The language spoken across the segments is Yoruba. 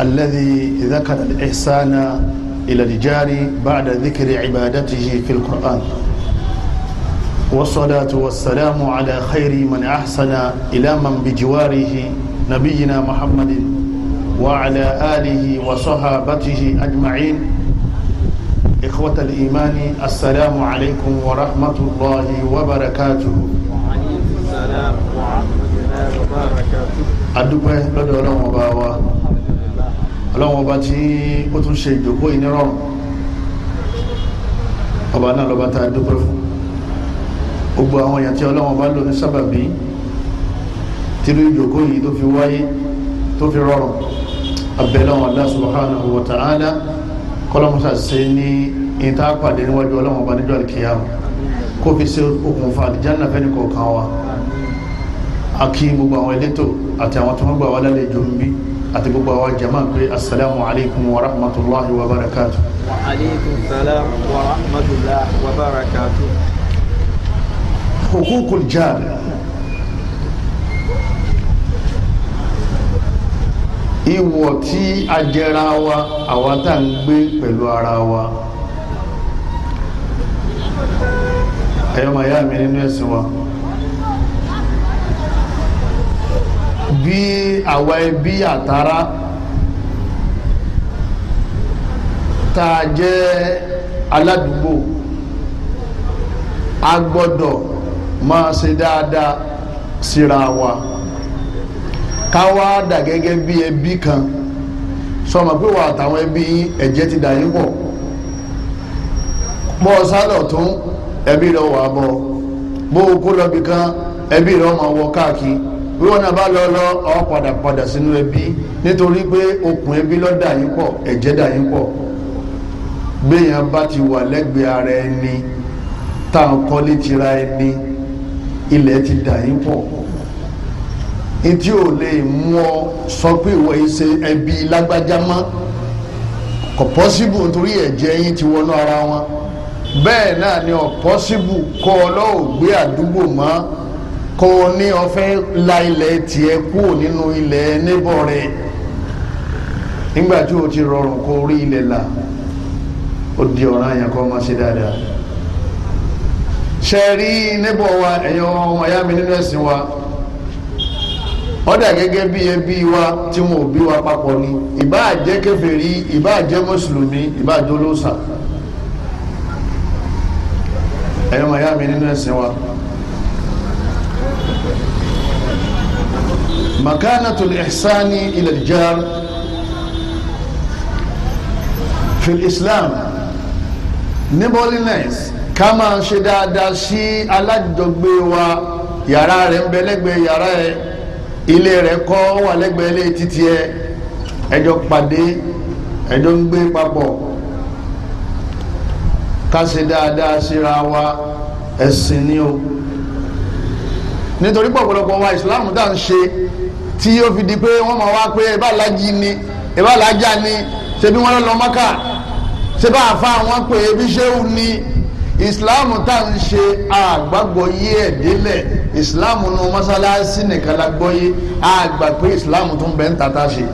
الذي ذكر الإحسان إلى الجار بعد ذكر عبادته في القرآن والصلاة والسلام على خير من أحسن إلى من بجواره نبينا محمد وعلى آله وصحابته أجمعين إخوة الإيمان السلام عليكم ورحمة الله وبركاته وعليكم السلام ورحمة الله وبركاته أدوبة لدولة مباوة ọlọ́run ọba tí ó tún ṣe ìjòkó yìí nírọ̀rùn ọba náà lọ́ba tá a dúpẹ́ fún gbogbo àwọn èèyàn tí ọlọ́run ọba lò ní sábàbí tìlú ìjòkó yìí tó fi wáyé tó fi rọrùn abẹ́lẹ́wọ̀n Allah subhanahu wa ta'ala kọ́lọ́mùsà ṣe ní ìta pàdé níwájú ọlọ́run ọba níjọ́ àlùkìyàmù kó fi ṣe okùnfà àlìjáná fẹ́ni kọ̀ọ̀kan wa a kí gbogbo àwọn elétò àti àwọn tó ń gbà wá lálejò ń bí àti gbogbo àwọn jama pé assalamu alaikum wa rahmatulahi wa barakatu. wa alaikum salam wa rahmatulahi wa barakatu. hukukul jaal ìwọ̀ tí a jẹra wa àwa tá ń gbé pẹ̀lú ara wa ẹ̀yọ́ màá mi nínú ẹ̀sìn wa. bí àwa ẹbí àtàrà tá a jẹ́ aládùúgbò a gbọ́dọ̀ máa ṣe dáadáa síra wa ká wá dà gẹ́gẹ́ bí ẹbí kan sọmọ pé wà àtàwọn ẹbí yín ẹ̀jẹ̀ ti dà yín pọ̀ bọ́ ọ sálọ̀ tún ẹbí rẹ̀ wà bọ bó o kó lọ ẹbí ọmọ wọ káàkiri bí bá lọ lọ ọ padà padà sínú ẹbí nítorí pé okùn ẹbí lọ dà yín pọ̀ ẹ̀jẹ̀ dà yín pọ̀ gbẹ̀yàn bá ti wà lẹ́gbẹ̀ẹ́ ara ẹni tá à ń kọ́lé tira ẹni ilẹ̀ ti dà yín pọ̀ etí ò lè mú ọ sọ pé ìwọ ìṣe ẹbí lágbájá mọ́ kò pọ́síbù nítorí ẹ̀jẹ̀ yín ti wọnú ara wọn bẹ́ẹ̀ náà ni ọ̀ pọ́síbù kọ́ ọ lọ́wọ́ gbé àdúgbò mọ́ kò ní ọ̀fẹ́ la ilẹ̀ tiẹ̀ kúrò nínú ilẹ̀ níbọ̀ rẹ̀ nígbà tí o ti rọrùn kó rí ilẹ̀ la O di ọ̀ràn yẹn kó máa ṣe dáadáa ṣe rí níbọ̀ wa ẹ̀yọ́ ọmọ ìyá mi nínú ẹ̀sìn wa ọ̀dà gẹ́gẹ́ bí ẹbí wa tí wọn ò bí wa papọ̀ ni ìbáà jẹ́ kèfèrí ìbáà jẹ́ mùsùlùmí ìbáà jẹ́ olóòṣà ọmọ ìyá mi nínú ẹ̀sìn wa. مكانة الإحسان إلى الجار في الإسلام niboliness ká máa ṣe dáadáa sí alájọgbé wa yàrá rẹ̀ ń bẹ lẹ́gbẹ̀ẹ́ yàrá ẹ̀ ilé rẹ̀ kọ́ wà lẹ́gbẹ̀ẹ́ ilé títí ẹ̀ ẹjọ́ pàdé ẹjọ́ ń gbé papọ̀ ká ṣe dáadáa síra wa ẹ̀sìn ni o nítorí pọ̀pọ̀lọpọ̀ wa ìsìláàmù tá à ń ṣe tí yóò fi di pé wọ́n máa wá pé ẹ̀bá làájì ni ẹ̀bá làájà ni ṣebí wọ́n lọ mọ́kà ṣebí àfa wọn pé ebi ṣéwù ni ìsìláàmù tá à ń ṣe àgbàgbọ́ yé ẹ̀ délẹ̀ nu mọ́sálásí nìkan la gbọ́ yé àgbà pé ìsìláàmù tó ń ń tata ṣe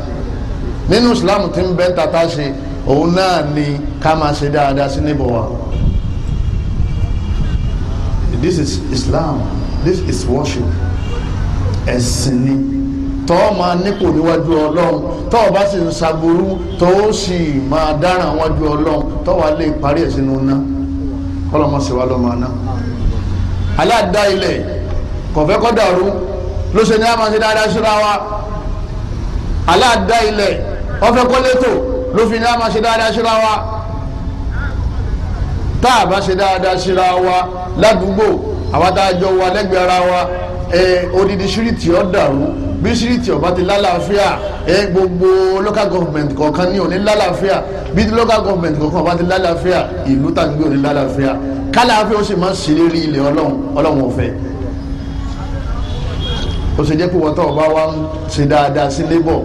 nínú ìsìláàmù tí ń bẹ ń tata ṣe òun náà ni ká máa ṣe dáadáa sí níbọ̀ wa this is Islam this is worship ẹ̀sìn ni tọ́ máa nípò níwájú ọlọ́run tọ́ ọ bá sì ń ṣàbùrú tó o sì máa dáràn wájú ọlọ́run tọ́ wa lè parí ẹ̀ sínú ná kọ́lọ́mọ sì wá lọ́mọ ná. aláàdá ilẹ̀ kọ̀fẹ́ kọ́ dàrú ló ní àmọ́ dáadáa síra wa aláàdá ilẹ̀ ọ̀fẹ́ kọ́ létò ní àmọ́ dáadáa síra wa tá a bá ṣe dáadáa síra wa ládùúgbò àwa tá a jọ ara wa odidi síríìtì ọ̀ dàrú bí síríìtì ọ̀bá ti lálàáfíà gbogbo local government kọ̀ọ̀kan ní òní lálàáfíà bí local government kọ̀ọ̀kan ọ̀bá ti lálàáfíà ìlú tàbí òní lálàáfíà kálàáfíà ó sì máa ń ṣèlérí ilẹ̀ ọlọ́run ọlọ́run ọ̀fẹ́ ó ṣe jẹ́ pé wọ́n tọ́ ọba wa ń ṣe dáadáa sí labour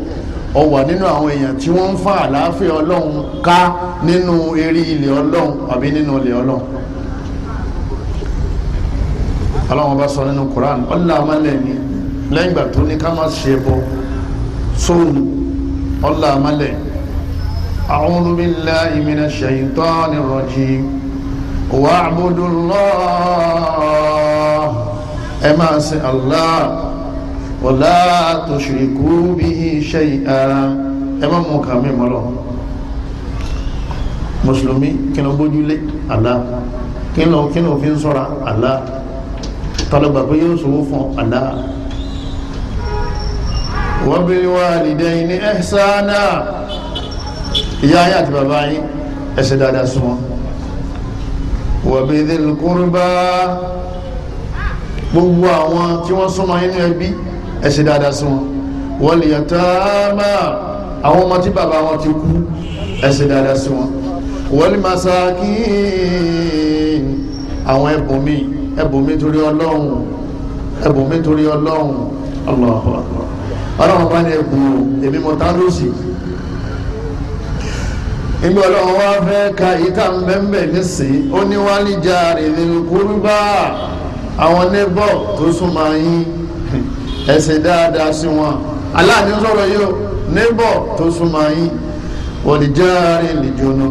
ọ wà nínú àwọn èèyàn tí wọ́n ń fa àlàáfíà ọlọ́run ká nínú eré ilẹ̀ ọlọ́run àbí nínú ilẹ̀ ọlọ́run ọlọ́run bá sọ nínú Quran ọ̀là amálẹ̀ ni lẹ́yìn ìgbà tó ní ká má ṣe bọ sóun ọ̀là amálẹ̀ a'udhu billahi minash shaitani rrajim wa'budullah ẹ máa ṣe Allah wala tushriku bihi shay'an ẹ má mú kàmí mọ́lọ́ mùsùlùmí kí ló bójú lé Allah kí ló fi ń sọ́ra Allah tọ́lọ́gbà pé yóò sòwò fún ọ̀dá wọ́n bí wà nìdẹ́ ní ẹ̀sánà ìyá ayé àti bàbá yín ẹsẹ̀ dáadáa súnmọ́ wọ́n bí dé lùkúrúbá gbogbo àwọn tí wọ́n súnmọ́ inú ẹbí ẹsẹ̀ dáadáa súnmọ́ wọ́n lè yàtá àwọn ọmọ tí bàbá wọn ti kú ẹsẹ̀ dáadáa súnmọ́ wọ́n lè máa àwọn ẹ̀bùn míì ẹ̀bùnmi torí ọlọ́run ẹ̀bùnmi torí ọlọ́run Allahu Akbar ọlọ́run bá ní ẹ̀bùn èmi mọ̀ta lóṣì ìgbà ọlọ́run wá fẹ́ ka ìta mbẹ́mbẹ́ nísìnyí ó ní wá ní jàre lẹ́kúrúbá àwọn nẹ́bọ̀ tó súnmọ́ yín ẹ ṣe dáadáa sí wọn aláàánú sọ̀rọ̀ yìí ó nẹ́bọ̀ tó súnmọ́ yín wọ́n jàre lẹ́jọ́nà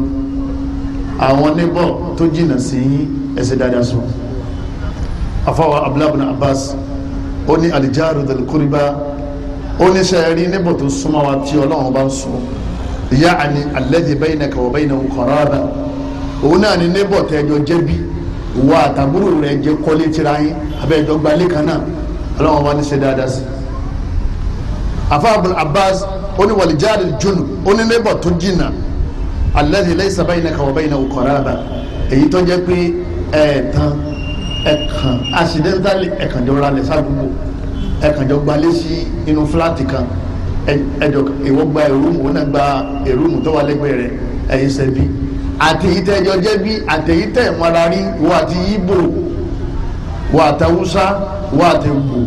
àwọn nẹ́bọ̀ tó jìnnà sí yín ẹ dáadáa sí afọwọ́ abúlábùn abbas ó ní alijáru dàlùkúrìbá ó ní sẹ́ẹ̀rí níbo tó súnmọ́ wa tí ọlọ́run bá ń sùn ìyá àni alẹ́dì bẹ́yìn náà kẹwọ́ bẹ́yìn náà kọ̀rọ̀ọ̀dà òun náà ni níbo tẹ́jọ́ jẹ́bi ìwà àtàbúrò rẹ̀ jẹ́ kọ́lé tira yín abẹ́jọ́ gbalé kan náà ọlọ́run bá ní ṣe abbas ó ní wàlìjáru jùnú ó ní níbo tó jìnnà alẹ́dì lẹ́yìn sábẹ́yìn náà kẹwọ́ bẹ́yìn náà kọ̀rọ̀ọ̀dà èyí tó jẹ́ pé ẹ̀ẹ̀tàn ẹ̀kan accidentally ẹ̀kan jọ ralẹ̀ sádùúgbò ẹ̀kan jọ gbalé sí inú fúláàtì kan ẹ̀jọ̀ ìwọ gba èrúmù ó náà gba èrúmù tó wà lẹ́gbẹ̀ẹ́ rẹ̀ ẹ̀yin sẹ́bí àtẹ̀yítẹ́jọ jẹ́bí àtẹ̀yítẹ́ ìmọ̀ra rí wọ́n àti yíbò wọ́n àtàwùsá wọ́n àtẹ̀gbò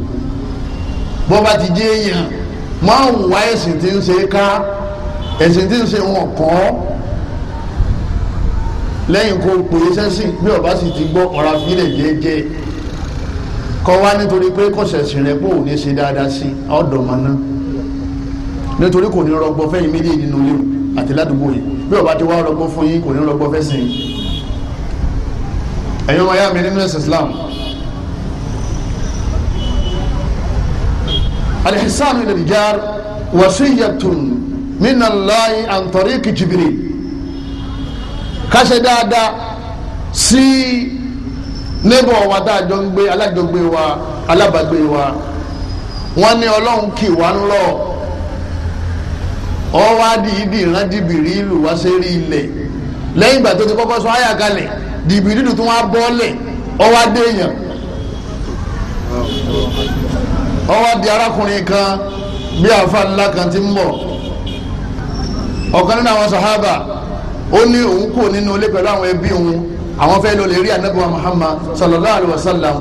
bọ́ bá ti jẹ́ èèyàn máa ń wá ẹ̀sìn tí ń ṣe ká ẹ̀sìn tí ń ṣe wọn kọ́ lẹ́yìn kó pè é sẹ́sìn bí ọba sì ti gbọ́ ọ̀rá fílẹ̀ jẹ́jẹ́ kọ́ wá nítorí pé kọ̀sẹ̀sìn rẹ̀ pò ní ṣe dáadáa sí ọ̀dọ̀ mọ́ náà nítorí kò ní rọgbọ fẹ́yìn méjì nínú ilé àti ládùúgbò yìí bí ọba ti wá rọgbọ fún yín kò ní rọgbọ fẹ́sìn ẹ̀yin ọmọ ya mi nínú ẹ̀sìn Islam alihisan ilẹ̀ dìjar wàsíyàtún minalayi antariki Jibril. ká dáadáa sí nébọ̀ wa tá ń gbé alájọgbé wa alábàgbé wa wọ́n ní ọlọ́run kì wá ń lọ ọ wá dìídì ìran ìlú wá ilẹ̀ lẹ́yìn ìgbà tó ti kọ́kọ́ sọ àyà kalẹ̀ jìbìrì tó wá ọ wá dé di arákùnrin kan bí àfa ńlá kan ti ń bọ̀ ọ̀kan nínú àwọn ó ní òun ole nínú ilé pẹ̀lú àwọn ẹbí òun àwọn fẹ́ lọ lè rí ànábì Muhammad sallallahu alayhi wa sallam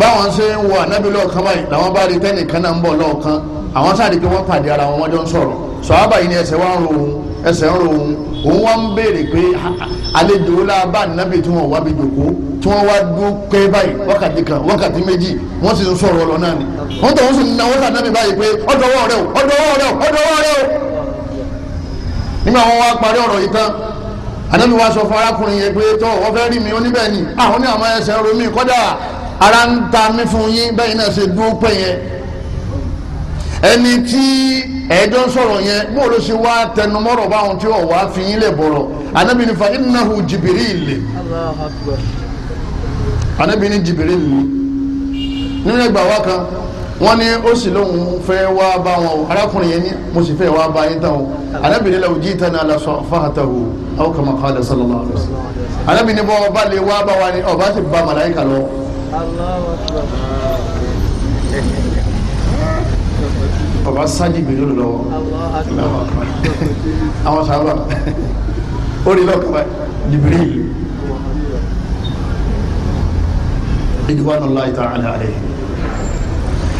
báwọn ṣe ń wo ànábì lọ́ọ̀kan báyìí làwọn bá rí tẹ́nìkan náà ń ara wọn wọ́n ń sọ̀rọ̀ sọ̀hábà yìí ni ẹsẹ̀ wá ń ro òun ẹsẹ̀ ń ro òun òun wá ń béèrè pé àlejò la bá tí na báyìí pé nígbà wọn wá parí ọ̀rọ̀ yìí tán ànábi wa sọ fún arákùnrin yẹn pé tọ́ ọ fẹ́ rí mi ni àwọn ah, ní àwọn ẹsẹ ro mi ara ń ta mí fún yín bẹ́ẹ̀ náà ṣe dúró yẹn ẹni tí ẹjọ nsọrọ yẹn bóò ló ṣe wá tẹnumọ́rọ̀ báwọn tí wá fi yín lè ànábi ní fa ànábi ní nínú ẹgbàá wọ́n ní ó sì lóun fẹ́ wá bá wọn o arákùnrin yẹn ní mo sì fẹ́ wá bá yín tán o alábìnrin lẹ́wọ̀n jí tán náà lọ́sọ̀ fáhàtàwò aw kama qala sallallahu alaihi alábìnrin bọ́ ọba lè wá bá wa ni ọba sì bá màláyíkà lọ. ọba sájì bìrì lọ àwọn sábà ó rí lọ́kàn bá jìbìrì yìí. ìdíwánu láì tàn àlẹ́ àlẹ́ yìí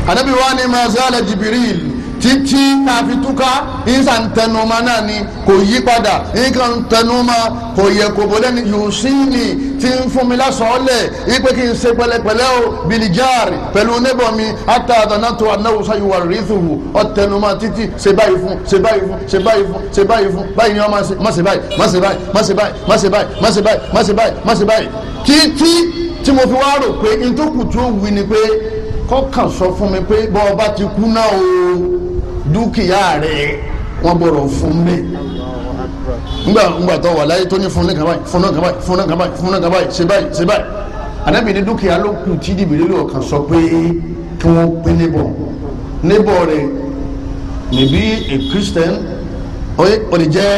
anabi wa ni mazala jibril Titi káfi túká ìsà ń tẹnuma náà ni kò yí padà nǹkan ń tẹnuma kò yẹ kò bọ́lẹ́ ni yòòsínì ti ń fún mi lásọ̀ọ́lẹ̀ ipe kí n ṣe pẹ̀lẹ́pẹ̀lẹ́ o bilijaari pẹ̀lú nébọ̀ mi ata àdánà tó anáwó sáyíwá rìtùwù ọ̀tẹnuma títí ṣe báyìí fún ṣe báyìí fún ṣe bayi fún ṣe bayi, fún bayi, ni wọ́n máa ṣe má ṣe báyìí má ṣe báyìí má ṣe báyìí má ṣe báyìí má ṣe báyìí má ṣe báyìí má ṣe báyìí títí tí mo fi wá ni pé kọ́kàn sọ fún mi pé bọ́ ọba ti kú náà o dúkìá rẹ̀ wọ́n gbọ́dọ̀ fún mi ngba ngba tó wà láyé tó ní fún náà kábàáyì fún náà kábàáyì fún náà kábàáyì fún náà kábàáyì ṣe báyìí ṣe báyìí ànábì ní dúkìá ló kù tí dìbìlì lò sọ pé kí wọ́n pín níbọ̀ níbọ̀ rẹ̀ níbí a christian ó lè jẹ́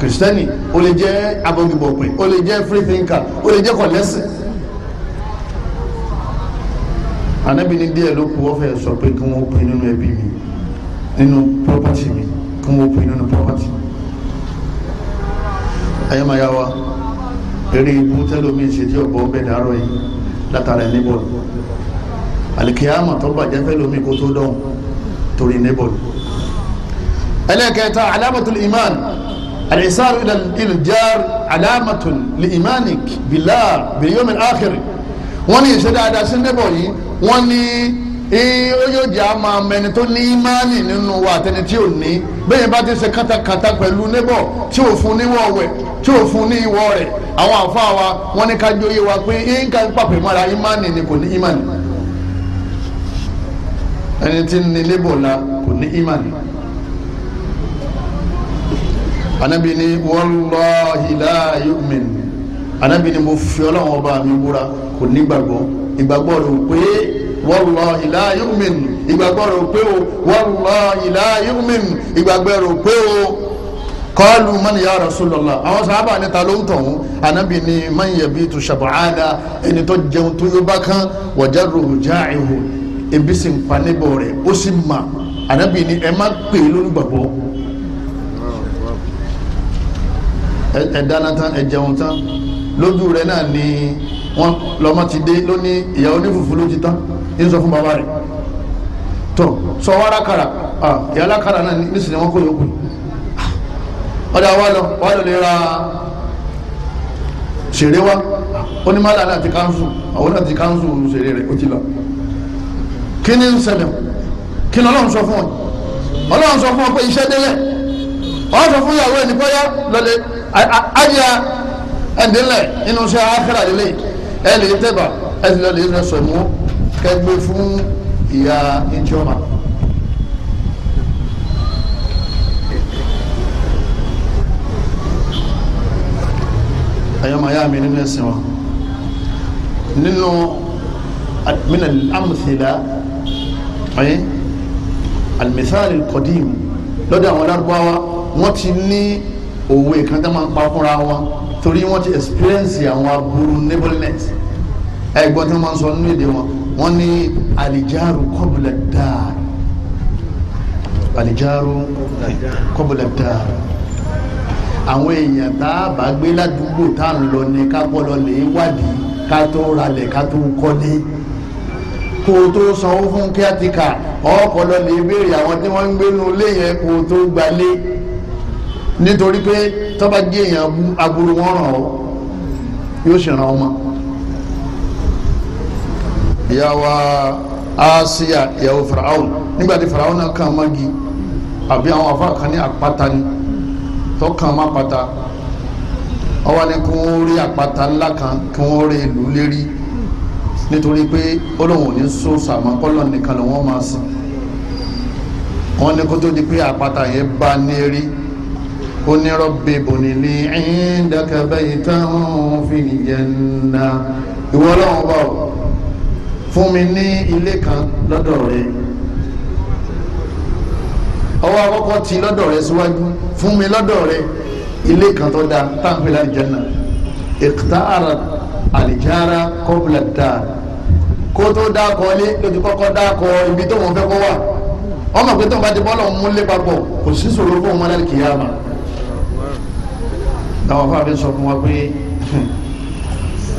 kristẹni ó lè jẹ́ abọ́gibọ̀pẹ̀ ó lè jẹ́ free thinker ó lè jẹ́ kọ̀lẹ́sìn anabi ni díẹ̀ ló kù wọ́n fẹ́ sọ pé kí wọ́n pín nínú ẹbí mi nínú property mi kí wọ́n pín nínú property ayémáyá wa eré ikú tẹ́lómi ṣe tí ọ̀bọ̀ ń bẹ̀ dárọ̀ yìí látara ẹ̀ níbọ̀ alikiyama tó bàjẹ́ fẹ́lómi kó tó dọ̀hùn torí níbọ̀ ẹlẹ́kẹta alamatul iman alisaru ilal jar alamatul li imanik billah bil yawm al akhir wọ́n ní ìṣe dáadáa sí níbọ̀ yìí wọ́n ní oyóòjì á máa mẹni tó ní ìmánì nínú wa àtẹni tí ò ní bẹ́ẹ̀ bá ti ṣe kátàkátà pẹ̀lú níbọ̀ tí ò fún níwọ̀ wẹ̀ tí ò fún ní ìwọ̀ rẹ̀ àwọn àfáà wa wọ́n ní ká jóye wa pé nǹkan pàpẹ́ mọ́ra ìmánì ni kò ní ìmánì ẹni tí ní níbọ̀ la kò ní ìmánì. Ànábì ní wallahi la yu'min anabi ni mo fi ọlọ́run ọba mi búra kò nígbàgbọ́ ìgbàgbọ́ rẹ̀ ò pé wallahi la yu'min ìgbàgbọ́ rẹ̀ ò pé o wallahi la yu'min ìgbàgbọ́ rẹ̀ ò pé o kọ́ọ̀lù mọ́ni ya Rasulullah àwọn sábà níta ló ń tọ̀hún anabi ni man yabitu shab'ana ẹni tó jẹun tó yóò bá kán wa jarruhu ja'ihu ebi sì ń pa níbọ̀ rẹ̀ ó sì mà anabi ni ẹ má pè é lólùgbàgbọ́ ẹ dáná tán ẹ jẹun tán lójú rẹ̀ náà ni wọ́n lọ́mọ ti dé ló ní ìyàwó ní fùfú ló ti tán ní sọ fún bàbá rẹ̀ tó sọ wàrà kàrà ìyàlá kàrà náà nísìnyí wọn kò yókù ọ̀dà wa lọ wa lọ lè ra sèré wa ó ní mọ́lá láti kánṣu àwọn láti kánṣu sèré rẹ̀ ó ti lọ kí ni ń ṣẹlẹ̀ kí ni ọlọ́run sọ fún ọ ọlọ́run sọ fún ọ pé iṣẹ́ délẹ̀ ọ sọ fún ìyàwó ẹ̀ nígbọ́yà lọ́lẹ̀ ayé a ẹ̀dínlẹ̀ nínú iṣẹ́ àkàrà lélẹ̀ ẹ̀ lè tẹ̀bà ẹ̀ sì lọ lè rẹ sọ̀mú kẹgbẹ́ fún ìyá ìjọba. ẹ̀yọ́ màá yá mi nínú ẹ̀sìn wọn nínú mina amthila ẹ̀yìn alimithali kọ́dìm lọ́dọ̀ àwọn lárúbáwá wọ́n ti ní òwe kan tó máa ń pa fúnra wọn torí wọ́n ti experience àwọn aburú neighborliness ẹ̀gbọ́n tí wọ́n máa ń sọ nínú èdè wọn wọ́n ní alijaru kọ́bùlẹ̀ dáa alijaru kọ́bùlẹ̀ dáa àwọn èèyàn tá a bá gbé ládùúgbò tá à ń lọ ni ká gbọ́dọ̀ lè wádìí ká tó ralẹ̀ ká tó kọ́lé kó o tó sanwó fún kíátìkà ọ̀ọ́kọ́ lọ lè béèrè àwọn tí wọ́n ń gbénu lé yẹn kó o tó gbalé nítorí pé tọ́ba jẹ́ èèyàn aburú wọn ràn ọ́ yóò sì ràn ọ́ mọ́ ìyá wa Asiya ìyàwó Faraon nígbà tí Faraon náà kàn máa àbí àwọn afa kan ní àpáta ni tó kàn máa pata ọwọ́ ni kí wọ́n rí àpáta ńlá kan kí wọ́n rí ìlú lérí nítorí pé Ọlọ́hun ní sọ́ọ̀sà mọ́ kọ́lọ́ nìkan ló wọ́n máa sìn wọ́n ní kó di pé àpáta yẹn bá ní rí onírọ̀bì bònílì ìdàkàbà ìtàhùn fìlìjẹ̀nà ìwọ ọlọ́run bá o fún mi ní ilé kan lọ́dọ̀ rẹ ọwọ́ àkọ́kọ́ ti lọ́dọ̀ rẹ síwájú fún mi lọ́dọ̀ rẹ ilé kan tó dáa táǹpì lálìjẹ́nà ìkìtàrà àlìjára kọ́bùlà dáa kó tó dáa kọ́ lé lójú kọ́kọ́ dáa kọ́ ibi tó wọ́n fẹ́ kó wà ọmọ pé tó ń bá ti bọ́ lọ́wọ́ múlé papọ̀ kò sí sòrò fún ọmọ lálẹ́ kìyàmá àwọn afáàbí sọ fún wa pé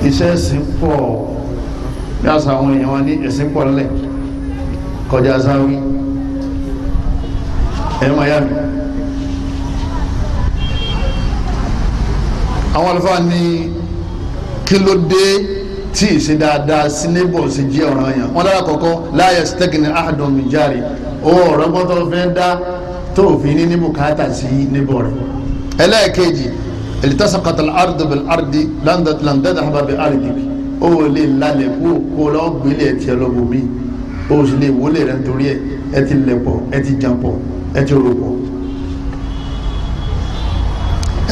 iṣẹ́ ẹ̀sìn pọ̀ bí àṣà àwọn èèyàn wa ní ẹ̀sìn pọ̀ lẹ̀ kọjá sáwí ẹ̀ máa yá mi. àwọn àlùfáà ní kí ló dé tí ìṣe dáadáa sí nébọ̀ sí jẹ́ ọ̀ràn yẹn wọ́n dára kọ̀kọ́ láyé stẹ́kìnì àádọ́n mi owó ọ̀rọ̀ mọ́tò fẹ́ dá tó òfin ní ní bùkátà sí nébọ̀ rẹ̀ ẹlẹ́ẹ̀kejì ìlítàsàkàtà àrùdù bẹ̀rẹ̀ àrùdì làǹdàdà àbàbẹ̀ àrùdì ó lè lálẹ̀ kó kó lọ́ọ́ gbélé ẹ̀ tiẹ̀ lọ́wọ́ mi ó sì lè wọlé rẹ̀ nítorí ẹ̀ ẹ ti lẹ̀ pọ̀ ẹ ti jà pọ̀ ẹ ti rò pọ̀.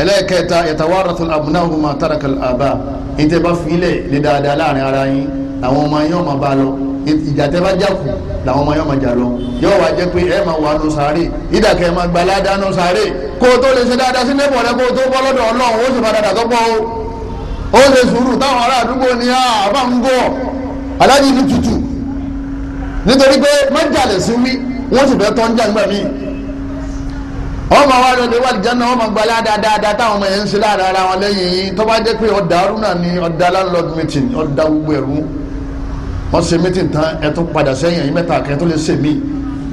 ẹlẹ́ẹ̀kẹta ìtawárọ̀tò àbúnáwó máa tàràkà àbá ní tẹ́ bá fi ilẹ̀ lé dáadáa láàrin ara yín àwọn ọmọ yín ọmọ bá lọ ìjà tẹ́ bá jákù làwọn ọmọ yóò máa jà lọ yóò wá jẹ́ pé ẹ máa wà nù sáré ìdàkẹ́ máa gba ládàá nù sáré kó o tó lè ṣe dáadáa sí nébọ̀ rẹ kó o tó bọ́ lọ́dọ̀ ọlọ́run ó sì padà dàtọ́ pọ̀ o ó lè sùúrù táwọn ará àdúgbò ni àbá ń gọ̀ aláàjì ní tutù nítorí pé mọ́jàlè sí wí wọ́n sì fẹ́ tọ́ ń jà nígbà míì wọ́n máa wá lọ́dẹ wà lìjánná wọ́n máa gba ládàádáa táwọn ọmọ yẹn ń ṣe láàárọ̀ ara wọn lẹ́yìn yìí tó bá jẹ́ pé ọ̀dà arúnà ni ọ̀dà landlord meeting ọ̀dà gbogbo ẹ̀rú wọ́n se mítìn tán ẹ tún padà sẹ́yìn ẹ̀yìn mẹ́ta kẹ́ tó lè ṣe mí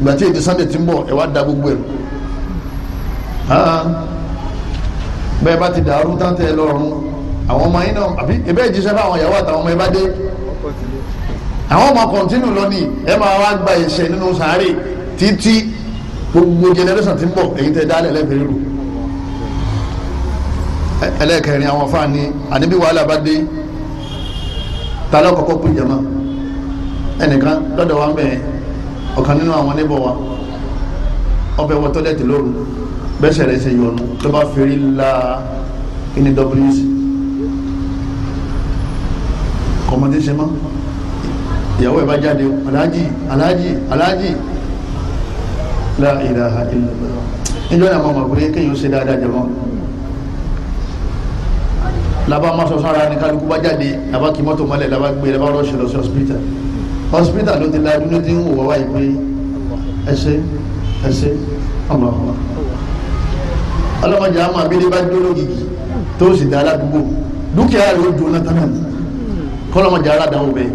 ìgbà tí èdè sunday ti ń bọ̀ ẹ wá da gbogbo ẹ̀ bẹ́ẹ̀ bá ti dàrú tán tẹ́ ẹ lọ́rùn àwọn ọmọ yín náà àbí ẹbẹ́ ìjíṣẹ́ fáwọn ìyàwó àtàwọn ọmọ ẹ bá dé àwọn ọmọ kọ̀ǹtínú lónìí ẹ máa wá gba ìṣe nínú sàárè títí gbogbo generation ti ń bọ̀ èyí tẹ́ dálẹ̀ lẹ́fẹ̀ẹ́ rú ẹlẹ́kẹrin àwọn fáà ní àníbí wàhálà bá dé ta lọ́kọ̀ọ́kọ́ pín jama ẹnìkan lọ́dọ̀ wa ń bẹ̀ ọ̀kan nínú àwọn níbọ̀ wa ọbẹ̀ wọ tọ́lẹ̀tì lóru bẹ́sẹ̀ rẹ̀ ṣe yọnu tó bá fèrè la kíni wc kọ́mọdé ṣe mọ́ ìyàwó ẹ̀ bá jáde aláàjì aláàjì aláàjì la ilaha illallah níjọ́ náà mọ̀ mọ̀ pé kéèyàn ṣe dáadáa jẹ̀ mọ́ labá máa sọ sára ní kálukú bá jáde labá kí mọ́tò mọ́lẹ̀ labá gbé labá rọ́ọ̀ṣẹ̀ lọ sí ọ̀sìpítà hospital ló ti la ibi ló ti ń wò wá ìpè ẹsẹ ẹsẹ ọmọ ọmọ ọlọ́mọdé àmọ́ abílẹ̀ bá dúró lógìkì tó sì dá aládùúgbò dúkìá rẹ̀ ó dùn náà tán náà kọ́lọ́mọdé aládàáwò bẹ́ẹ̀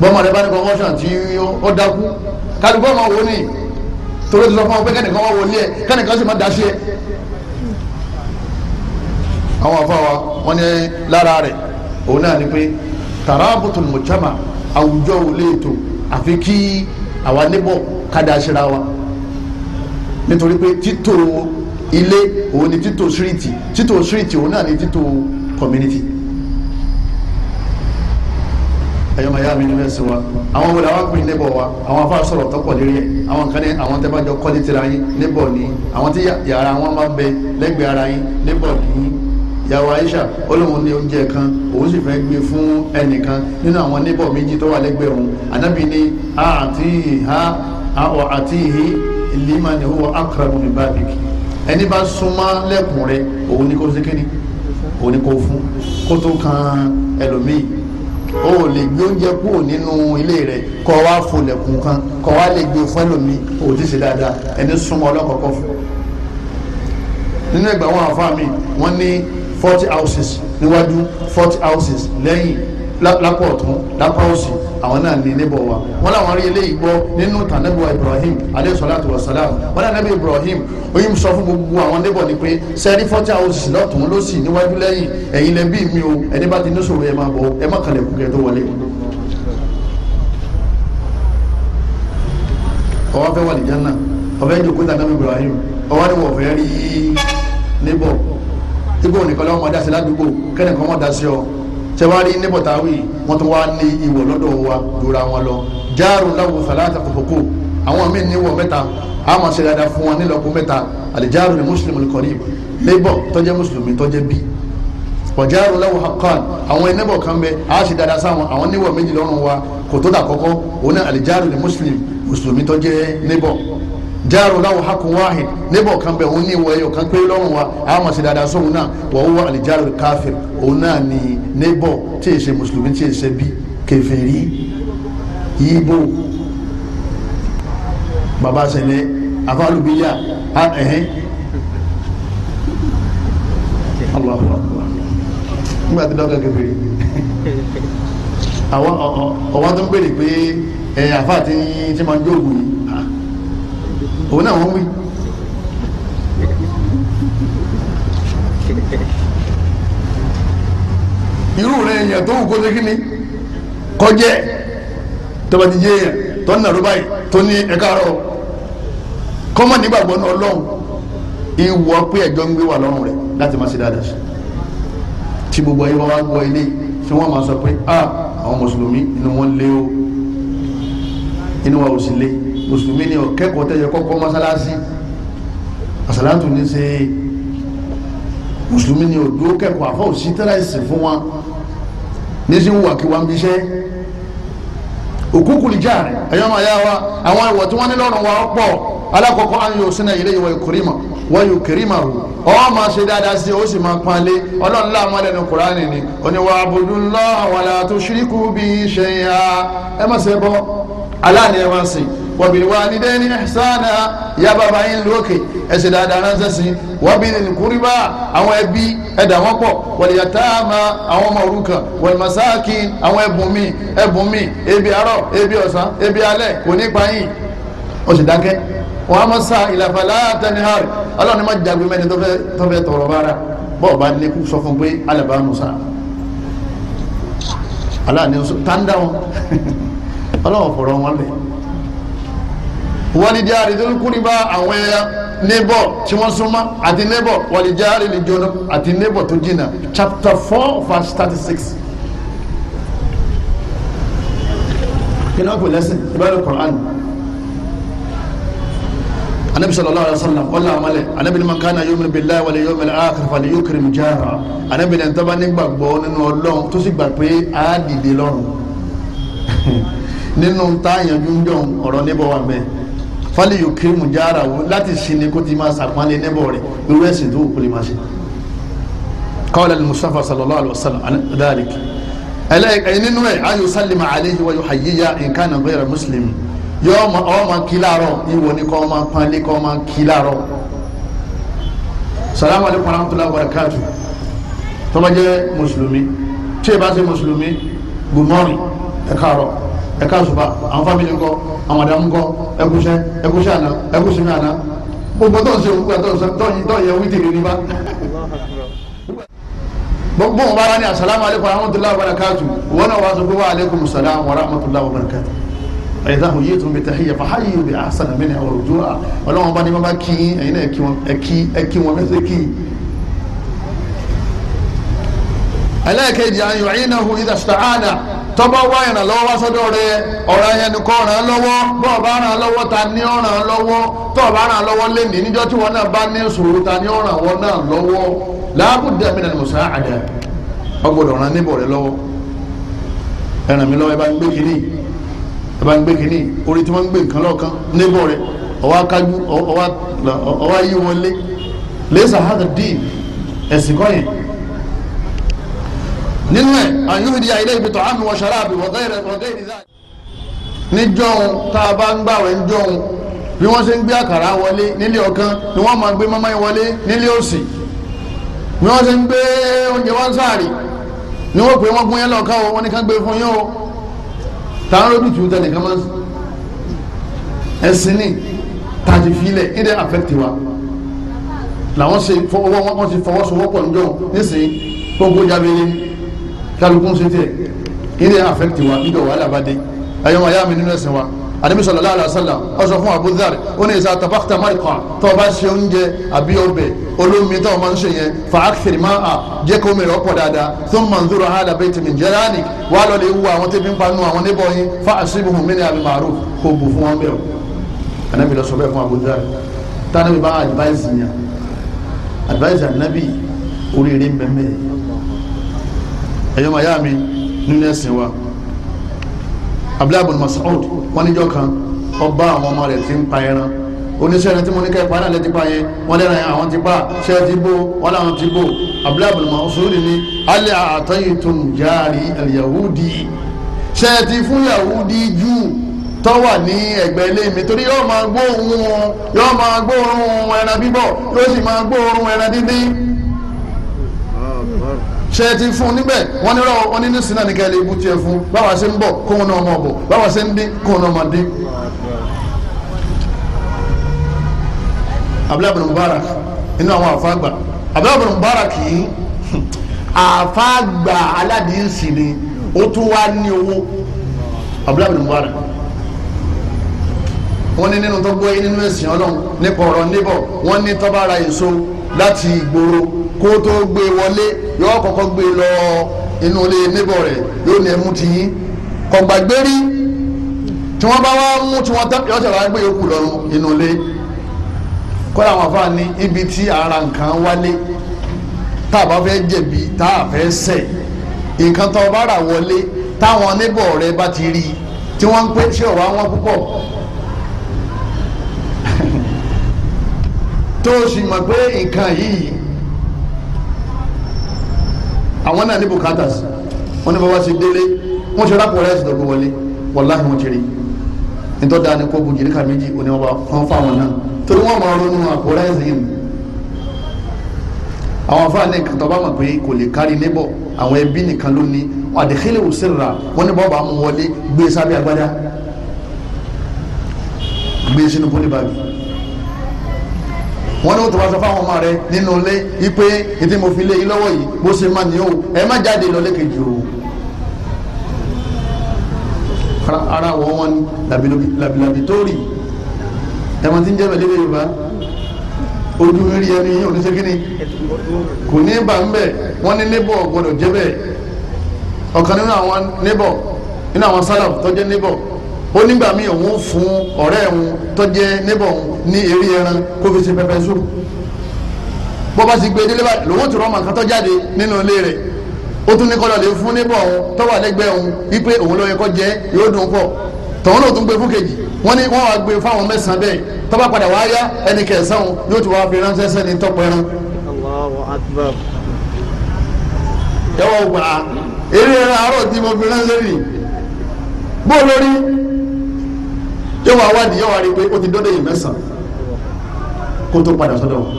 bọ́mọ rẹ̀ bá ní kọ́mọ́sán tí ó dákú kálukú ọmọ wo ni torí ti sọ fún ọ pé kẹ́nìkan wọ́n wọlé ẹ kẹ́nìkan sì má da sí ẹ. àwọn afọ wa wọn ní lára rẹ̀ òun náà ni pé tàràbùtù mùjàmá àwùjọ ò lè tò àfi kí àwa níbọ̀ kádà ṣera wa nítorí pé títò ilé òun ni títò síríìtì títò síríìtì òun náà ni títò community ẹ̀yọ́ màá yá mi nífẹ̀ẹ́ sí wa àwọn wòlé àwọn pin níbọ̀ wa àwọn afá sọ̀rọ̀ tọ́pọ̀ lérí ẹ̀ àwọn kan ní àwọn tẹ́ bá jọ kọ́lé ni àwọn tí yàrá wọn máa bẹ lẹ́gbẹ̀ẹ́ ara yín níbọ̀ ni yín yàwó Aisha olóhùn ní oúnjẹ kan òun sì fẹ́ gbé fún ẹnìkan nínú àwọn níbọ̀ méjì tó wà lẹ́gbẹ̀ẹ́ òun ànábì ní àti ìhà àwọ̀ àti ìhì lima ni huwa akrabu min babiki ẹni bá súnmọ́ lẹ́kùn rẹ òun ni kò sí kíni òun ni kò fún kó tó kan ẹlòmíì o ò lè gbé oúnjẹ kúrò nínú ilé rẹ kó wá folẹ̀kùn kan kó wá lè gbé fún ẹlòmíì o ti ṣe dáadáa ẹni súnmọ́ ọlọ́kọ̀ọ́kọ́ fún nínú ẹgbàá wọn àfa mi wọ́n ní forty houses níwájú forty houses lẹ́yìn lápò ọ̀tún lápá òsì àwọn náà ní níbọ̀ wa wọn làwọn rí eléyìí gbọ́ nínú tànẹ́bù ibrahim aleyhisalatu wasalam wọn náà nẹ́bù ibrahim oyún sọ fún gbogbo àwọn níbọ̀ ni pé sẹ́ẹ̀rí forty houses lọ́tún ló sì níwájú lẹ́yìn ẹ̀yin lẹ́bí mi o ẹni bá ti níṣòro ẹ máa bọ̀ ẹ má kalẹ̀ kú kẹ́ tó wọlé. ọwọ́ fẹ́ wà ní jánà ọ̀fẹ́ jòkó tànẹ́bù ibrahim ọwọ́ ni wọ́n fẹ́ rí níbọ̀ ibo nìkan lọ́wọ́ máa dá sí ládùúgbò kẹ́nìkan máa dá sí ọ sẹwárí ní bọ̀tàwí wọ́n tún wá ní ìwọ̀ lọ́dọ̀ wa dúra wọn lọ jaarun lawo salata kòkòkò àwọn míì ní wọ mẹ́ta a ṣe dáadáa fún wọn nílọ́kùn mẹ́ta àlìjáàrún ni mùsùlùmí kọ̀rí lébọ̀ tọ́jẹ́ mùsùlùmí tọ́jẹ́ bíi ọ̀jáàrò lọ́wọ́ haqqan àwọn ẹnẹ́bọ̀ kan bẹ a sì dada sáwọn àwọn níwọ̀ méjì lọ́rùn wa kò tó dà kọ́kọ́ òun náà àlìjáàrò ní mùsùlùm mùsùlùmí tó jẹ́ jaaro lahu hakun wahid nebo kan bẹ̀ òun ní kan kwe lọ́rùn wa a dada ṣe dáadáa sóhun náà wà ó wà àlìjáàrò káfíìn òun náà ní níbọ̀ tí èyí ṣe mùsùlùmí Allahu Akbar òun náà wọ́n wí. irú rẹ̀ èèyàn tó wù kó ṣe kí ni kọjẹ́ tọ́ba ti yé èèyàn tó ń nàró báyìí tó ní ẹ̀ka àárọ̀ kọ́mọ̀ nígbàgbọ́ náà lọ́hùn ìwọ pé ẹ̀jọ́ ń gbé wà lọ́rùn rẹ̀ láti má ṣe dáadáa sí tí gbogbo ayé wọn wá gbọ́ ilé tí wọ́n máa sọ pé ah àwọn mùsùlùmí inú wọn lé o inú wa ò sí lé mùsùlùmí ni ọ̀kẹ́kọ̀ọ́ tẹ́yẹ kọ́kọ́ mọ́sálásí àsàlátù ní ṣe mùsùlùmí ni òdó kẹ́kọ̀ọ́ àfọ́ òsì tẹ́lá ìsìn fún wa ní sí wùwà kí wọ́n bí iṣẹ́ òkúkú ìjà rẹ̀ ẹ̀yọ́ máa yá wa àwọn ìwọ̀ tí wọ́n ní lọ́rùn wa pọ̀ alákọ̀ọ́kọ́ á ń yọ sínú ilé ìwọ̀ ìkórìmọ̀ wọ́n yóò kérìmọ̀ rò ọ́ máa ṣe dáadáa sí o sì máa panlé ọlọ́run láàmú ẹlẹ́nu kùránì ni oníwà abudulayi wàlá tó ṣíríkù bíi ṣe ya ẹ má ṣe bọ́ aláàní ẹ má sìn wọ̀bìlì wa ní dẹ́ni ẹ̀sánà ya bàbá yín lókè ẹ̀sẹ̀ dáadáa ránṣẹ́ sí wọ́bìlì kúrìbá àwọn ẹbí ẹ̀dá wọn pọ̀ wọ̀lìyàtàmà àwọn ọmọ òrukàn wọ̀lìmọ̀sáàkì àwọn ẹbùn mi ẹbùn mi ebi àárọ̀ ebi ọ̀sán ebi alẹ́ kò ní pa yín ó sì dákẹ́ wọn á mọ̀ sá ìlàfàlà tẹnihàrì ni má jagbe mẹ́ni tó fẹ́ tọrọ bára bọ́ọ̀ bá ní kú sọ fún pé alẹ́ bá nù sáà aláàánú tàǹdà wọn ọlọ́wọ́ fọ̀rọ̀ wọn lẹ̀ wàlìjà àrídìlú kúrìbá àwọn ẹ̀yà neighbor tí wọ́n súnmọ́ àti neighbor wàlìjà àrídìlú jọ̀nà àti neighbor tó jìnnà chapter four verse thirty six. kìnnà kò lẹ́sìn ìbáraẹ̀ Qur'an anabi sallallahu alaihi sallam. wala amale anabi ni mankana yomi bilayi wale yomi akara fali yukirim jara anabi ni ntaba ni gbàgbọ́ nínú Ọlọ́run tó sì gbà pé a dìde lọ́run nínú ntaayanju njọ ọ̀rọ̀ níbọ wa mẹ fálẹ̀ yóò kiri mu jára wo láti sinmi kó ti máa sàpánlé nẹ́bọ̀ rẹ̀ irú ẹ̀sìn tó kò lè máa ṣe. qala al-Mustafa sallallahu alayhi wa sallam dhalik ẹlẹ́yìn nínú ẹ̀ ayò sálẹ̀mà alayhi wa yuhayyiya in kana ghayra muslim yọ ọmọ kí láàárọ̀ ìwọ ni kọ́ ọmọ pánlé kọ́ ọmọ kí láàárọ̀ salamu alaykum wa rahmatulahi wa barakatu tó bá tí ẹ bá ṣe mùsùlùmí good morning ẹ ẹ káàsùbà àwọn fámìlì ńkọ́ àwọn àdàmú ńkọ́ ẹkúṣẹ́ ẹkúṣẹ́ àná ẹkúṣẹ́ mi àná gbogbo tó ń ṣe òkú àtọ́yìn tọ́yìn wí tèmi nípa. gbogbo wọn bára ní asalaamu aleykum wa rahmatulahi wa barakatu wọn náà wàá sọ pé wa aleykum salaam wa rahmatulahi wa barakatu. ẹ̀dá òye tún bẹ tẹ̀híyà fàáyì bẹ àṣàlà mi ní àwọn òjò à ọlọ́wọ́n bá ní bá kí ẹ̀yin náà ẹ̀kí wọn mẹ́sẹ̀ kí. ẹlẹ́ẹ̀kejì ayọ̀ ẹ̀yin náà hu ìdá sàáàdà tọ́bọ̀ wá ìrànlọ́wọ́ wá sọ́dọ̀ rẹ ọ̀rọ̀ yẹn nìkan ràn án lọ́wọ́ bọ́ọ̀ bá ràn án lọ́wọ́ ta ni ó ràn án lọ́wọ́ tọ́ọ̀ bá ràn án lọ́wọ́ lẹ́nì níjọ́ tí wọ́n náà bá ní sòrò ta ni ó ràn wọ́n náà lọ́wọ́ làbúdà mí nàní musa àdá ọgbọ́dọ̀ ràn níbọ̀ rẹ lọ́wọ́ ẹ ràn mí lọ́wọ́ ẹ bá ń gbé kínní ẹ bá ń gbé kínní orí tí wọ́n ń gbé nǹkan lọ́ọ̀kan níbọ̀ rẹ ọwọ́ akájú ọwọ́ yí wọlé lẹ́sà hàdà díì ẹ̀sìn kọ́ yẹn nínú ẹ̀ àyùbí di ilé ibi tó àmì wọ ṣaláàbì wọ́gẹ́ ìdíjà. níjọ́hun tá a bá ń gbàwẹ̀ níjọ́hun bí wọ́n ṣe ń gbé àkàrà wọlé nílé ọ̀kan ni wọ́n máa gbé mọ́mọ́ yẹn wọlé nílé òsì bí wọ́n ṣe ń gbé oúnjẹ wọn sáàrì ni wọ́n pè wọ́n gún yẹn lọ́ọ̀kan o wọ́n ní ká gbé fún yín o tààrọ̀ dùtù tẹnìkan máa ń ẹ̀sìn ní tààtì filẹ̀ ìdẹ́ àfẹ́tì wa làwọn ṣe fọwọ́sowọ́pọ̀ níjọ́ nísìnyí gbogbo kálukú ń ṣe tiẹ̀ ilé àfẹ́tì wa níjọ wàhálà bá dé ẹ̀yọ́ wọn yá mi nínú ẹ̀sìn wa àdèmí sallallahu alaihi wasallam ọsọ fún Abu ó ní ìsà tabakta marqa tó o bá ṣe oúnjẹ àbí ọbẹ̀ olómi tó o máa ń ṣe yẹn fa akthir a jẹ́ kó mi rẹ̀ ọ̀pọ̀ dáadáa thumma anzur hala bayti min jaranik wà lọ́ọ́ lè wú àwọn tẹ́bí ń panu àwọn níbọ̀ yín fa asibuhum minha bil ma'ruf kó bù fún wọn bẹ́ẹ̀ o àdèmí lọ sọ bẹ́ẹ̀ fún Abu Dhar tánàbí bá advice yẹn advice ẹ̀yọ́ màyá mi nínú ẹ̀sìn wa abdullahi abu masoud wọn níjọ́ kan ọba àwọn ọmọ rẹ̀ ti ń pa ẹran oníṣẹ́ ẹni tí mo ní kẹ́ ẹ̀ pa náà lẹ́ ti pa yẹn wọ́n lẹ́ra yẹn àwọn ti pa ṣé ẹ ti bó wọ́n làwọn ti bó abdullahi abu masoud ni alẹ́ àtọ́yìn tó ń jaari yahudi ṣé ẹ ti fún yahudi jù tó wà ní ẹ̀gbẹ́ ilé mi torí yóò máa gbóòórùn yóò máa gbóòórùn ẹran bíbọ̀ yóò sì máa gbóòórùn ẹran dídín ṣe ti fún níbẹ̀ wọ́n ní rọ́ọ̀ wọ́n ní ní sinna nìkan ilé ibùjẹ fún báwa ṣe ń bọ̀ kóhun náà mọ̀ bọ̀ báwa ṣe ń dín kóhun náà mọ̀ dín. abdullahi bin mubarak inú àwọn àfáàgbà abdullahi bin mubarak yìí àfáàgbà aládìísì ni ó tún wá ní owó abdullahi bin mubarak wọ́n ní nínú tó gbóyè nínú ẹ̀sìn ọlọ́run nípa ọ̀rọ̀ níbọ̀ wọ́n ní tó ra èso láti ìgboro kó tó gbé e wọlé yóò kọ́kọ́ gbé e lọ inú ilé níbọ̀ rẹ̀ yóò ní ẹmu ti yín kọ̀gbàgbé rí tí wọ́n bá wá mú tí wọ́n tẹ́pẹ́ ọ̀sẹ̀ wá gbé yòókù lọ inú ilé kọ́ làwọn afáà ní ibi tí ara nǹkan wálé tá a bá tá a fẹ́ ṣẹ̀ nǹkan tó wọlé táwọn níbọ̀ rẹ bá ti rí tí wọ́n ń pè tí ọ̀wá wọn tó o sì mọ̀ pé nǹkan yìí àwọn náà ní bùkátà sí wọn ní bá wá sí délé wọn ṣe rápò rẹ ìṣèdọ̀gbọ̀ wọlé wàláhì wọn ti rí nítorí dáa ni kó bu jìríkà méjì òní wọn bá wọn fáwọn náà torí wọn máa ronú àpò rẹ ìṣèyìn mi àwọn afáàní nǹkan tó bá mọ̀ pé kò lè kárí lébọ̀ àwọn ẹbí nìkan ló ní àdéhìlẹ̀ òsèrà wọn ní bọ́ọ̀bù amúwọlé gbé e sábẹ́ agbádá gbé e sínú pólíbàgì wọn ní o tó bá sọ fáwọn ọmọ rẹ nínú ilé ipe ètò mo fi lé yín lọ́wọ́ yìí bó ṣe máa nìyó ẹ má jáde lọ lẹ́kẹ̀jì o. ara wọn wọn ni làbìlàbì tó rì ẹ máa ti ń jẹ́ bẹ̀lẹ́ yorùbá ojú rí ẹni oníṣẹ́kíní kò ní bà ń bẹ̀ wọ́n ní níbọ̀ gbọ́dọ̀ jẹ́ ọ̀kan nínú àwọn níbọ̀ nínú àwọn sálàf tó jẹ́ níbọ̀ ó nígbà míì òun fún ọ̀rẹ́ òun tó jẹ́ níbọ̀ òun ní eré ẹran kó fi ṣe pẹpẹ sóò bó bá ti gbé délé bá lòun ti rọmọ nǹkan tó jáde nínú ilé rẹ̀ ó tún ní kọ́ lọ́ọ́ lè fún níbọ̀ òun tó wà lẹ́gbẹ̀ẹ́ òun wípé òun ló yẹ kó jẹ yóò dùn pọ̀ tọ̀hún náà tún gbé fún kejì wọ́n ní wọ́n wá gbé fáwọn mẹ́sàn-án bẹ́ẹ̀ tó bá padà wá yá ẹni kẹsàn-án yóò ti wá fi ránṣẹ́ sẹ́ni tọ́pọ̀ ẹran. ẹ wọ́n gbà ah, eré ẹran àárọ̀ tí mo fi ránṣẹ́ rì bó lórí yóò wá wá nìyẹn wá rí i pé ó ti dọ́dọ̀ yìí mẹ́sàn-án kó tó padà sọ́dọ̀ wọn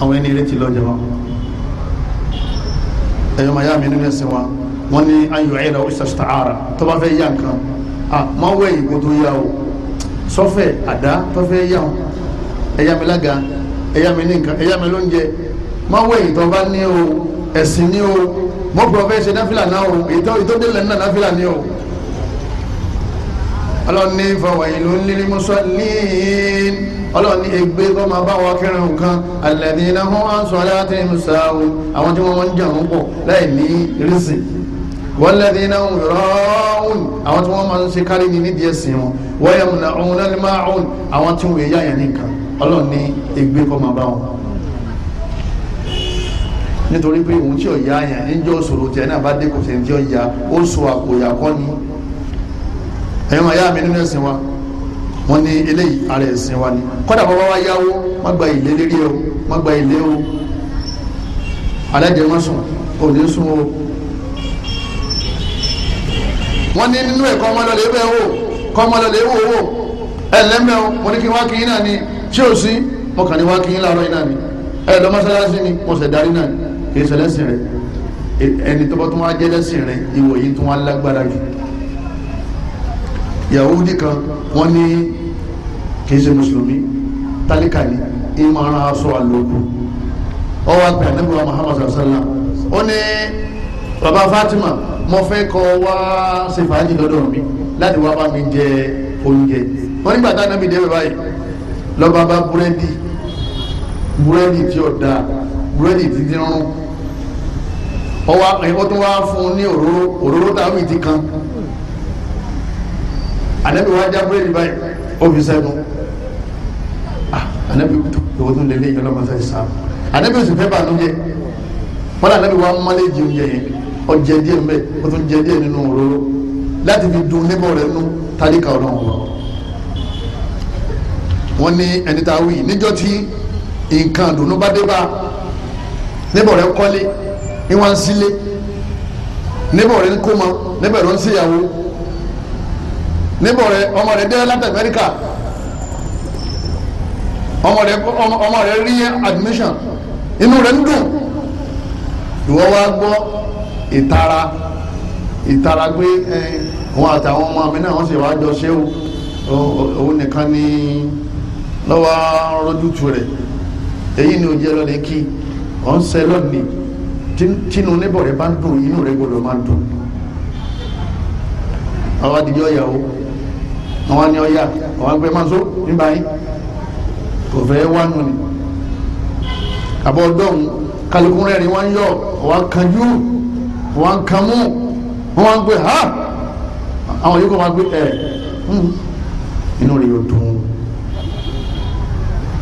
àwọn ẹni eré ti lọ jẹun ẹ̀yọ́ màá yá mi nínú ẹ̀sìn wa wọ́n ní ayọ̀ ẹ̀rọ ìṣàṣà ara tó bá fẹ́ yá nǹkan à máa wẹ̀ yìí kó tó yá o sọ́fẹ̀ àdá tó fẹ́ yá o ẹ̀yá mi lága ẹ̀yá mi ní nǹkan ẹ̀yá mi lóúnjẹ máa wẹ̀ yìí tó bá ní o ẹ̀sìn ní o mọ́pọ̀ fẹ́ ṣe náfìlà náà o ìtọ́ ìtọ́dẹ́lẹ̀ náà náfìlà ní o ọlọ́run ní ìfọwọ́ ìlú lílí mùsọ̀lì ọlọ́run ní ègbé tó máa bá wọn kírun nǹkan àlẹ́dí iná wọn wá ń sọ aláàtì ìmùsàwò àwọn tí wọ́n ń jà ń pọ̀ láì ní rísì wọ́n lẹ́dí iná wọn rọ́ọ̀hún àwọn tí wọ́n máa ń ṣe kárí ní nídìí ẹ̀sìn wọn wọ́n yẹ múna ọ̀hún lẹ́lí máa ọ̀hún àwọn tí wọ́n yẹ yáyà nìkan ọlọ́run ní kọ́ máa bá wọn nítorí pé òun tí ò yá ń jẹ́ òṣòro tiẹ̀ náà bá dé kò ẹ̀yin wọn yá mi nínú ẹ̀sìn wa wọn ní eléyìí ara ẹ̀sìn wa ni kọ́dà bàbá wa yáwó wọ́n gba ilé lérí o wọ́n gba ilé o alájẹ wọn sùn ò ní sùn o wọ́n ní nínú ẹ̀kọ́ ọmọlọ́lẹ̀ bẹ́ẹ̀ wò kọ́ ọmọlọ́lẹ̀ wò wò o mo ní kí n wá kí n náà ni tí o sí mo kàn ní wá kí n láàárọ̀ yìí náà ni ẹ lọ mọ́sálásí ni mo sì darí náà kì í ṣẹlẹ́sìn rẹ ẹni tó bá tún wá ìwòyí tún wá lágbára yìí. yahudi kan wọ́n ní kì í ṣe mùsùlùmí aṣọ àlòkù ọwọ́ àgbà níbi wa sallam ó ní baba fatima mo fẹ́ kọ́ wá ṣe fàájì mi láti wá bá mi jẹ oúnjẹ wọ́n nígbà tá nàbì débẹ̀ báyìí lọ́ba bá búrẹ́dì búrẹ́dì tí ó búrẹ́dì tí rún tún kan anabi wa jábọ̀ èdè báyìí ó fi sẹ́nu anabi ah, ìwọ tó lélẹ̀ yìí ọlọ́mọṣẹ́ ìsàm anabi oṣù fẹ́ bàánú jẹ wọn lé anabi wa mọ́lẹ̀ jẹun yẹ yẹn ọjẹ díẹ̀ mbẹ ó tún jẹ díẹ̀ nínú òróró láti fi dun níbọ̀ rẹ̀ nù tálíkà ọlọ́run wọn. wọn ní ẹni tá a wí níjọ́ tí nǹkan dùnú bá dé bá níbọ̀ rẹ̀ kọ́lé ìwọ̀n sílé níbọ̀ rẹ̀ ń kó mọ níbẹ̀ rẹ̀ ń ṣèyàwó níbo rẹ ọmọ rẹ dé láti Amẹ́ríkà ọmọ rẹ ọmọ rẹ rí admission inú rẹ ń dùn ìwọ wá gbọ́ ìtara ìtara gbé ẹ wọn àtàwọn ọmọ mi náà wọn sì wá jọ ṣé o òun nìkan ni lọ́wọ́ rọ́jútu rẹ̀ èyí ni òjì ẹlọ́ni kí ọ̀n ṣe lọ́ni tínú níbọ̀ rẹ̀ bá ń dùn inú rẹ̀ gbọ́dọ̀ máa ń dùn àwọn adìyẹ ọ̀yàwó àwọn ni ọ̀yà àwọn agbẹ́ máa so nígbà yín kò fẹ́ wá nù ni àbọ̀ dọ́hùn kálukú rẹ̀ ni wọ́n yọ wọ́n kanjú wọ́n á kamú gbé ha àwọn yòókù wọ́n á gbé ẹ̀ inú rẹ̀ yóò dùn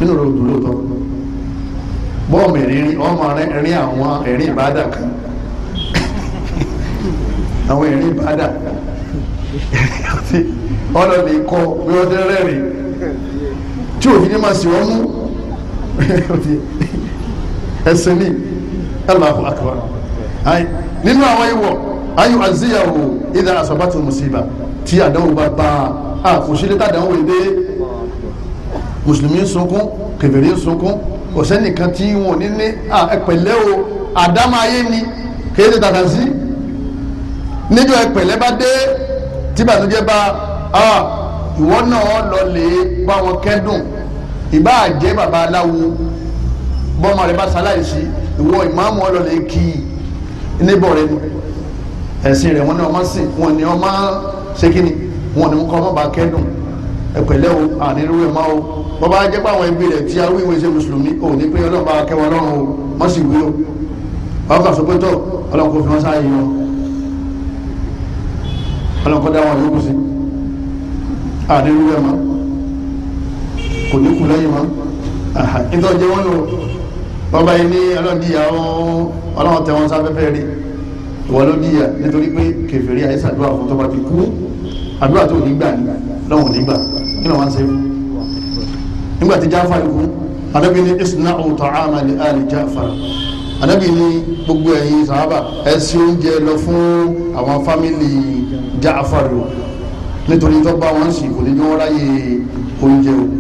inú rẹ̀ yóò dùn lóòótọ́ bọ́ọ̀mù ìrìn ọmọ rẹ̀ rin àwọn ẹ̀rín ìbádà kan àwọn ẹ̀rín ìbádà kan ọ̀nà lè kọ́ bí wọ́n ti rẹ́rìn tí òfin ní máa sì wọ́n mú ẹsẹ̀ ní Allahu akbar nínú àwọn ìwọ̀ ayò àzíyàwó ìdá àsọ̀bátì mùsíbà tí àdánwò bá bá a kò sí létà àdánwò èdè mùsùlùmí ń sunkún kèfèrí ń sunkún ọ̀sẹ́ nìkan tí wọn ò ní ní ẹ̀pẹ̀lẹ́ o àdámáyé ni kéde tàtà sí níjọ́ ẹ̀pẹ̀lẹ́ bá dé tí bàtújẹ́ bá ìwọ náà lọ lè bá wọn kẹ́dùn ìbáà jẹ́ bàbá aláwo bọ́mọ rẹ bá ṣaláìsí ìwọ ìmáàmù ọlọ́lẹ̀ kì í níbọ̀ rẹ ni ẹ̀sìn rẹ̀ wọ́n ní ọmọ sìn wọ́n ní ọmọ ṣékìní wọ́n ní kọ́ ọmọ bá kẹ́dùn ẹ̀pẹ̀lẹ́ o àníru ẹ̀ máa o bọ́ba jẹ́ pé àwọn ẹbí rẹ̀ tí awí ìwé ṣe mùsùlùmí o ní pé ọlọ́ba kẹwàá lọ́rùn o wọ́n sì wí o ọkọ̀ sọ pé tọ́ ọlọ́run kò fi wọ́n sáàyè wọn ọlọ́kọ́dá wọn yóò kù sí àdéhùn rẹ̀ mọ́ kò ní kù lẹ́yìn mọ́ nítorí jẹ́ wọn lò bàbá yìí ní ọlọ́dìyà ọlọ́wọ́n tẹ wọn sáfẹ́fẹ́ rí ìwọ ló díyà nítorí pé kèfèrí àyè sàdúrà fún tó bá ti kú àdúrà tó nígbà lọ́wọ́ nígbà kí ló wá ń ṣe fún nígbà tí jáfà ikú anábì ní isna ọ̀tọ̀ àmà ní àlè jáfà anábì gbogbo ẹ̀yin sàábà ẹ oúnjẹ lọ fún àwọn fámìlì yìí Ja'faru nítorí tó bá wọn sì kò ní ní wọn ráyè oúnjẹ o.